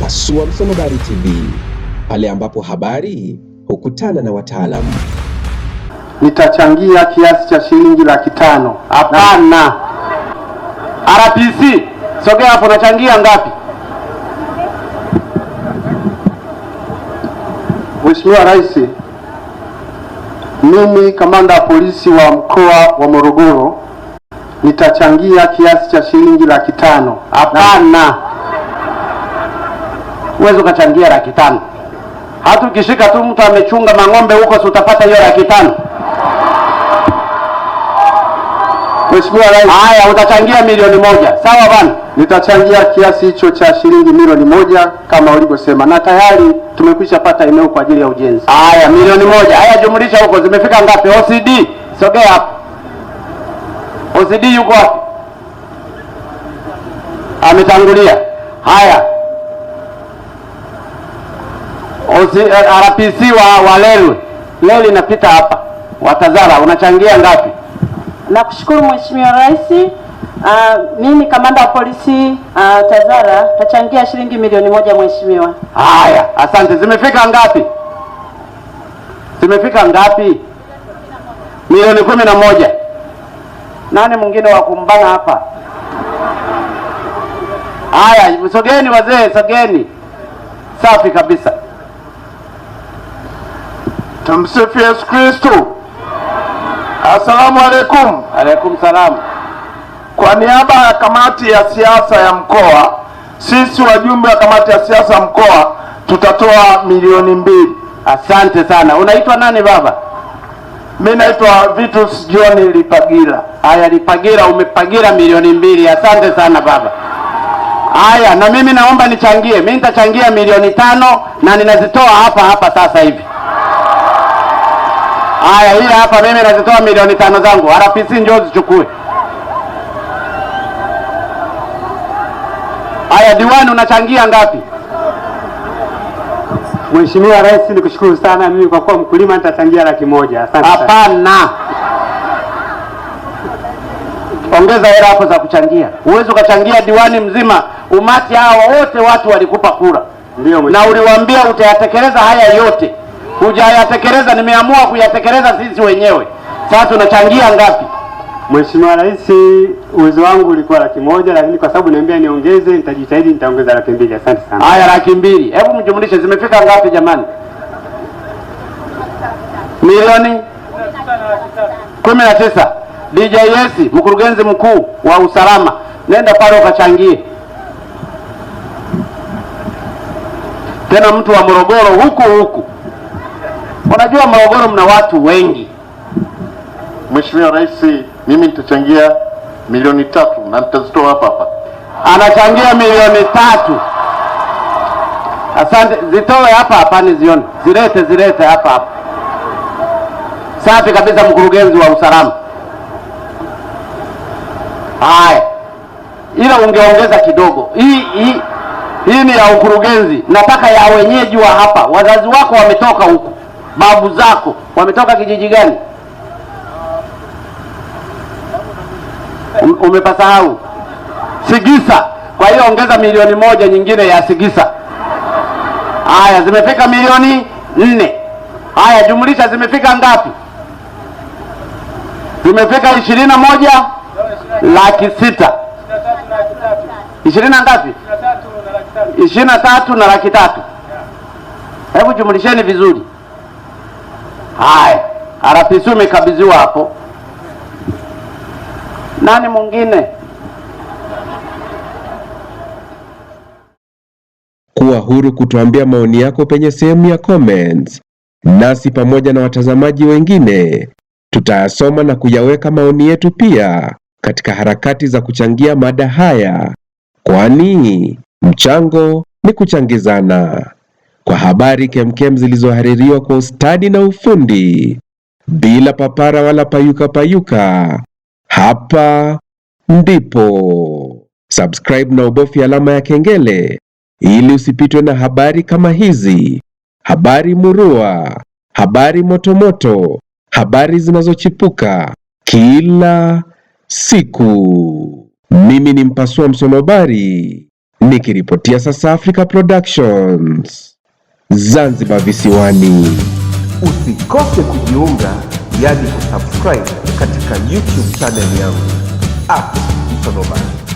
Pasua Msonobari TV, pale ambapo habari hukutana na wataalamu. Nitachangia kiasi cha shilingi laki tano. Hapana, RPC sogea hapo, nachangia ngapi? Mheshimiwa Rais, mimi kamanda wa polisi wa mkoa wa Morogoro nitachangia kiasi cha shilingi laki tano. Hapana huwezi ukachangia laki tano. Hata ukishika tu mtu amechunga mang'ombe huko, si utapata hiyo laki tano? Mheshimiwa Rais. Haya, utachangia milioni moja, sawa bana? Nitachangia kiasi hicho cha shilingi milioni moja kama ulivyosema, na tayari tumekwisha pata eneo kwa ajili ya ujenzi. Haya, milioni moja. Haya, jumlisha huko, zimefika ngapi? OCD, sogea hapo. OCD yuko wapi? Ametangulia. Haya, Eh, RPC wa Walelwe, leli inapita hapa, watazara unachangia ngapi? Nakushukuru Mheshimiwa Rais. Uh, mimi kamanda wa polisi uh, Tazara tachangia shilingi milioni moja mheshimiwa. Haya, asante. Zimefika ngapi? Zimefika ngapi? Milioni kumi na moja. Nani mwingine wa kumbana hapa? Haya, sogeni wazee, sogeni. Safi kabisa. Tumsifu Yesu Kristu. Asalamu alaikum. Alaikum salam. Kwa niaba ya kamati ya siasa ya mkoa, sisi wajumbe wa kamati ya siasa mkoa tutatoa milioni mbili. Asante sana. Unaitwa nani baba? mi naitwa Vitus John Lipagira. Haya Lipagira, umepagira milioni mbili. Asante sana baba. Haya, na mimi naomba nichangie. mi nitachangia milioni tano na ninazitoa hapa hapa sasa hivi. Haya, hii hapa mimi nazitoa milioni tano zangu, RPC njoo zichukue. Haya, diwani unachangia ngapi? Mheshimiwa Rais, nikushukuru sana. Mimi kwa kuwa mkulima nitachangia laki moja. Asante. Hapana, ongeza hela hapo za kuchangia. Huwezi ukachangia diwani mzima, umati hawa wote watu walikupa kura, ndio na uliwaambia utayatekeleza haya yote hujayatekeleza, nimeamua kuyatekeleza sisi wenyewe. Sasa tunachangia ngapi? Mheshimiwa Rais, uwezo wangu ulikuwa laki moja lakini kwa sababu niambia niongeze, nitajitahidi nitaongeza laki mbili. Asante sana. Haya, laki mbili, hebu mjumlishe, zimefika ngapi jamani? Milioni kumi na tisa. DJS, mkurugenzi mkuu wa usalama, nenda pale ukachangie tena, mtu wa Morogoro huku huku Najua Morogoro mna watu wengi. Mheshimiwa Rais, mimi nitachangia milioni tatu na nitazitoa hapa hapa. Anachangia milioni tatu. Asante, zitoe hapa hapa, nizione zilete, zilete hapa hapa. Safi kabisa, mkurugenzi wa usalama. Haya, ila ungeongeza kidogo. Hii hii hii ni ya ukurugenzi, nataka ya wenyeji wa hapa. Wazazi wako wametoka huku babu zako wametoka kijiji gani? Um, umepasahau? Sigisa. Kwa hiyo ongeza milioni moja nyingine ya Sigisa. Haya, zimefika milioni nne. Haya, jumlisha zimefika ngapi? Zimefika ishirini na moja laki sita ishirini na ngapi? Ishirini na tatu na laki tatu. Hebu jumlisheni vizuri. Haya, RPC umekabidhiwa hapo. Nani mwingine? Kuwa huru kutuambia maoni yako penye sehemu ya comments, nasi pamoja na watazamaji wengine tutayasoma na kuyaweka maoni yetu pia katika harakati za kuchangia mada haya, kwani mchango ni kuchangizana kwa habari kemkem zilizohaririwa kwa ustadi na ufundi bila papara wala payuka payuka. Hapa ndipo subscribe na ubofi alama ya kengele ili usipitwe na habari kama hizi, habari murua, habari motomoto, habari zinazochipuka kila siku. Mimi ni mpasua msonobari nikiripotia sasa Africa Productions. Zanzibar visiwani. Usikose kujiunga, yaani kusubscribe katika YouTube channel yangu Msonobari.